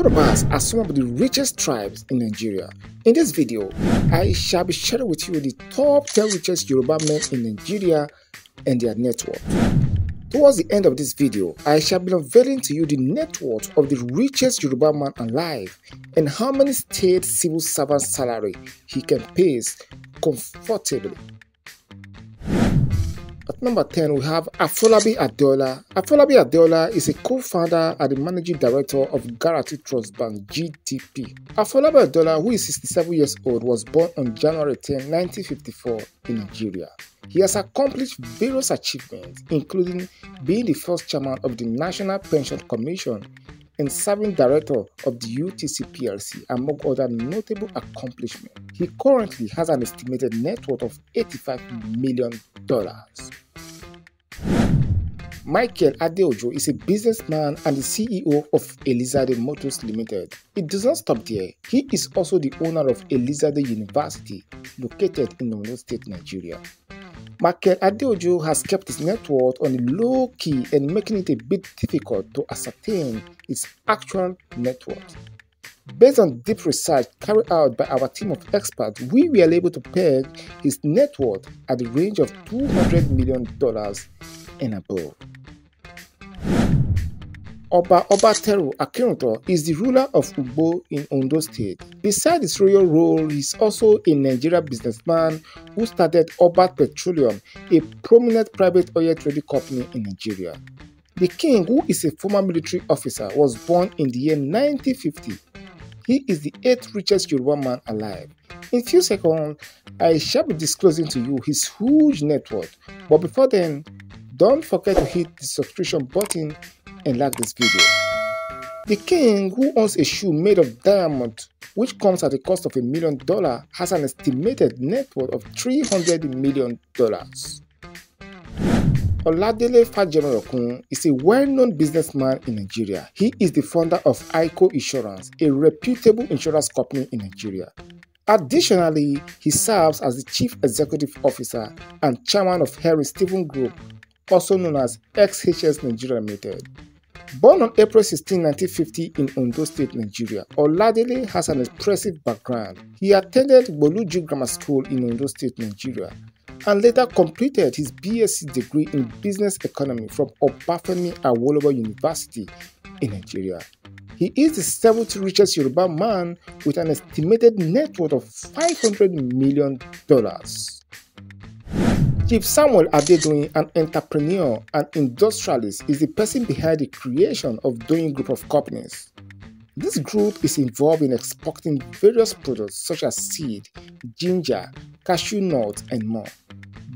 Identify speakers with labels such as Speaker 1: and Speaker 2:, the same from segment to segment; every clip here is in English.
Speaker 1: Yorubas are some of the richest tribes in Nigeria. In this video, I shall be sharing with you the top 10 richest Yoruba men in Nigeria and their network. Towards the end of this video, I shall be unveiling to you the network of the richest Yoruba man alive and how many state civil servants salary he can pay comfortably. Number 10, we have Afolabi Adeola. Afolabi Adeola is a co-founder and the managing director of Guarantee Trust Bank, GTP. Afolabi Adeola, who is 67 years old, was born on January 10, 1954 in Nigeria. He has accomplished various achievements, including being the first chairman of the National Pension Commission and serving director of the UTC PLC, among other notable accomplishments. He currently has an estimated net worth of $85 million. Michael Adeojo is a businessman and the CEO of Elizade Motors Limited. It does not stop there. He is also the owner of Elizade University, located in Ondo State, Nigeria. Michael Adeojo has kept his net worth on the low key and making it a bit difficult to ascertain its actual net worth. Based on deep research carried out by our team of experts, we were able to peg his net worth at the range of $200 million and above. Oba Teru Akinruto is the ruler of Ubo in Ondo State. Besides his royal role, he is also a Nigerian businessman who started Oba Petroleum, a prominent private oil trading company in Nigeria. The king, who is a former military officer, was born in the year 1950. He is the eighth richest Yoruba man alive. In few seconds, I shall be disclosing to you his huge net worth. But before then, don't forget to hit the subscription button and like this video. The king who owns a shoe made of diamond which comes at the cost of a million dollars has an estimated net worth of 300 million dollars. Oladele Fajemarokun is a well-known businessman in Nigeria. He is the founder of ICO Insurance, a reputable insurance company in Nigeria. Additionally, he serves as the chief executive officer and chairman of Harry Stephen Group, also known as XHS Nigeria Limited. Born on April 16, 1950 in Ondo State, Nigeria, Oladele has an impressive background. He attended Boluju Grammar School in Ondo State, Nigeria, and later completed his BSc degree in Business Economy from Obafemi Awolowo University in Nigeria. He is the seventh richest Yoruba man with an estimated net worth of $500 million. Chief Samuel Adedoyin, an entrepreneur and industrialist, is the person behind the creation of doing Group of Companies. This group is involved in exporting various products such as seed, ginger, cashew nuts, and more.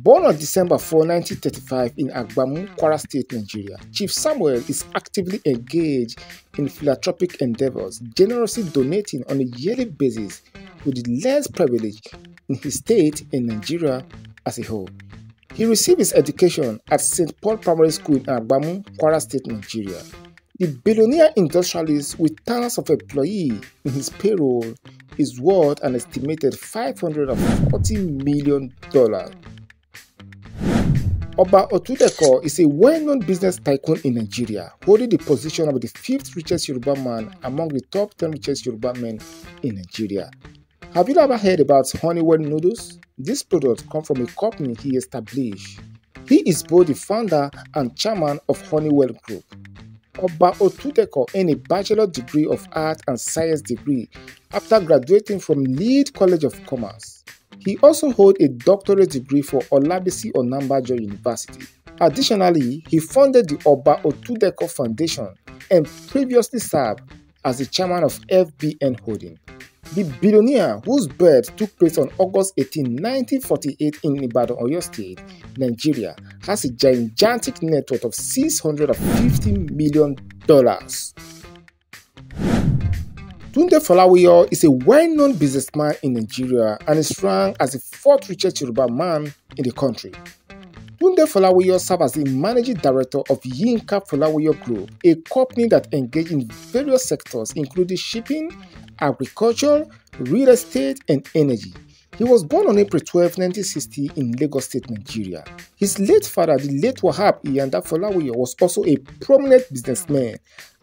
Speaker 1: Born on December 4, 1935 in Agbamu, Kwara State, Nigeria, Chief Samuel is actively engaged in philanthropic endeavors, generously donating on a yearly basis to the less privileged in his state and Nigeria as a whole. He received his education at St. Paul Primary School in Agbamu, Kwara State, Nigeria. The billionaire industrialist with thousands of employees in his payroll is worth an estimated $540 million. Oba Otudeko is a well-known business tycoon in Nigeria, holding the position of the fifth richest Yoruba man among the top ten richest Yoruba men in Nigeria. Have you ever heard about Honeywell noodles? This product comes from a company he established. He is both the founder and chairman of Honeywell Group. Oba Otuteko earned a Bachelor degree of Art and Science degree after graduating from Lead College of Commerce. He also holds a doctorate degree from Olabisi Onambajo University. Additionally, he founded the Oba Otudeko Foundation and previously served as the chairman of FBN Holding. The billionaire, whose birth took place on August 18, 1948 in Ibadan, Oyo State, Nigeria, has a gigantic net worth of $650 million. Tunde Falawiyo is a well-known businessman in Nigeria and is ranked as the fourth richest Yoruba man in the country. Tunde Folawiyo serves as the managing director of Yinka Folawiyo Group, a company that engages in various sectors including shipping, agriculture, real estate, and energy. He was born on April 12, 1960 in Lagos State, Nigeria. His late father, the late Wahab Iyanda Folawiye, was also a prominent businessman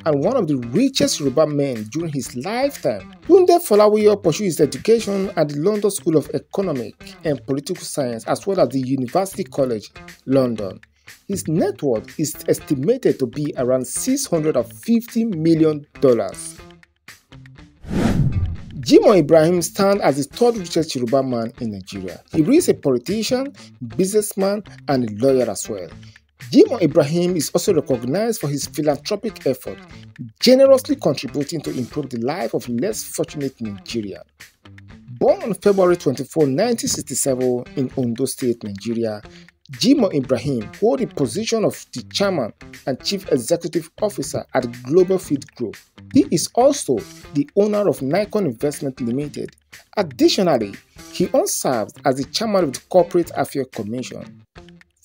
Speaker 1: and one of the richest Yoruba men during his lifetime. Tunde Folawiye pursued his education at the London School of Economic and Political Science as well as the University College, London. His net worth is estimated to be around $650 million. Jimo Ibrahim stands as the third richest Yoruba man in Nigeria. He is a politician, businessman, and a lawyer as well. Jimo Ibrahim is also recognized for his philanthropic effort, generously contributing to improve the life of less fortunate Nigerians. Born on February 24, 1967 in Ondo State, Nigeria, Jimo Ibrahim hold the position of the chairman and chief executive officer at Global Feed Group. He is also the owner of Nikon Investment Limited. Additionally, he also serves as the chairman of the Corporate Affairs Commission.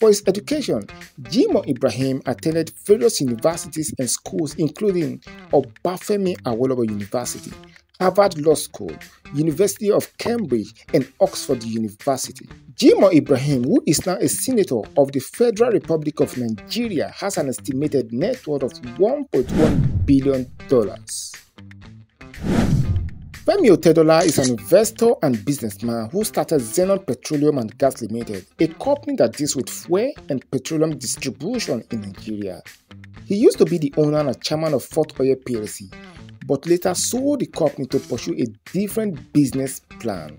Speaker 1: For his education, Jimo Ibrahim attended various universities and schools including Obafemi Awolowo University, Harvard Law School, University of Cambridge, and Oxford University. Jimo Ibrahim, who is now a senator of the Federal Republic of Nigeria, has an estimated net worth of $1.1 billion. Femi Otedola is an investor and businessman who started Zenon Petroleum and Gas Limited, a company that deals with fuel and petroleum distribution in Nigeria. He used to be the owner and chairman of Fort Oil PLC, but later sold the company to pursue a different business plan.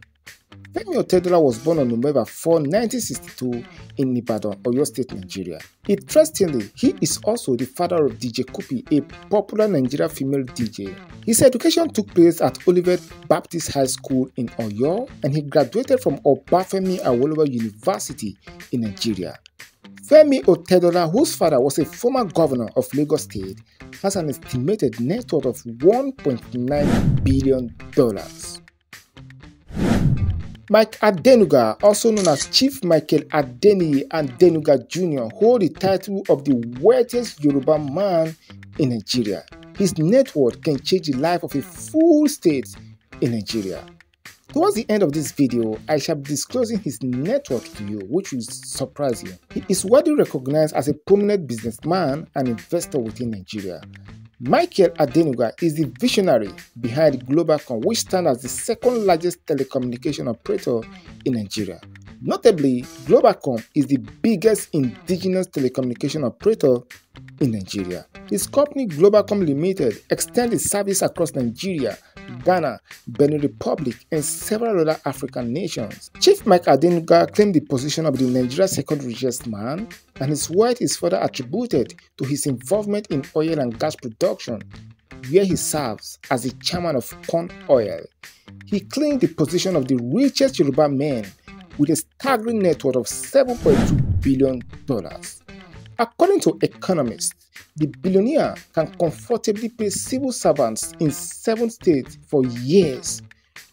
Speaker 1: Femi Otedola was born on November 4, 1962 in Ibadan, Oyo State, Nigeria. Interestingly, he is also the father of DJ Kupi, a popular Nigerian female DJ. His education took place at Olivet Baptist High School in Oyo and he graduated from Obafemi Awolowo University in Nigeria. Femi Otedola, whose father was a former governor of Lagos State, has an estimated net worth of $1.9 billion. Mike Adenuga, also known as Chief Michael Adeni and Denuga Jr., hold the title of the wealthiest Yoruba man in Nigeria. His net worth can change the life of a full state in Nigeria. Towards the end of this video, I shall be disclosing his network to you, which will surprise you. He is widely recognized as a prominent businessman and investor within Nigeria. Michael Adenuga is the visionary behind Globacom, which stands as the second largest telecommunication operator in Nigeria. Notably, Globacom is the biggest indigenous telecommunication operator in Nigeria. His company Globacom Limited extends its service across Nigeria Ghana, Benin Republic, and several other African nations. Chief Mike Adenuga claimed the position of the Nigeria's second richest man, and his wealth is further attributed to his involvement in oil and gas production, where he serves as the chairman of Corn Oil. He claimed the position of the richest Yoruba man with a staggering net worth of $7.2 billion. According to economists, the billionaire can comfortably pay civil servants in seven states for years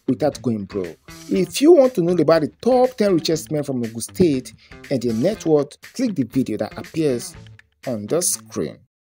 Speaker 1: without going broke. If you want to know about the top 10 richest men from Ogun State and their net worth, click the video that appears on the screen.